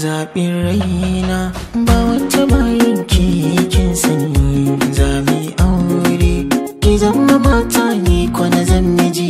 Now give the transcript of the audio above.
zaɓin raina ba wata bayan kin sanyi zaɓi aure ki zama mata ne kwana zan miji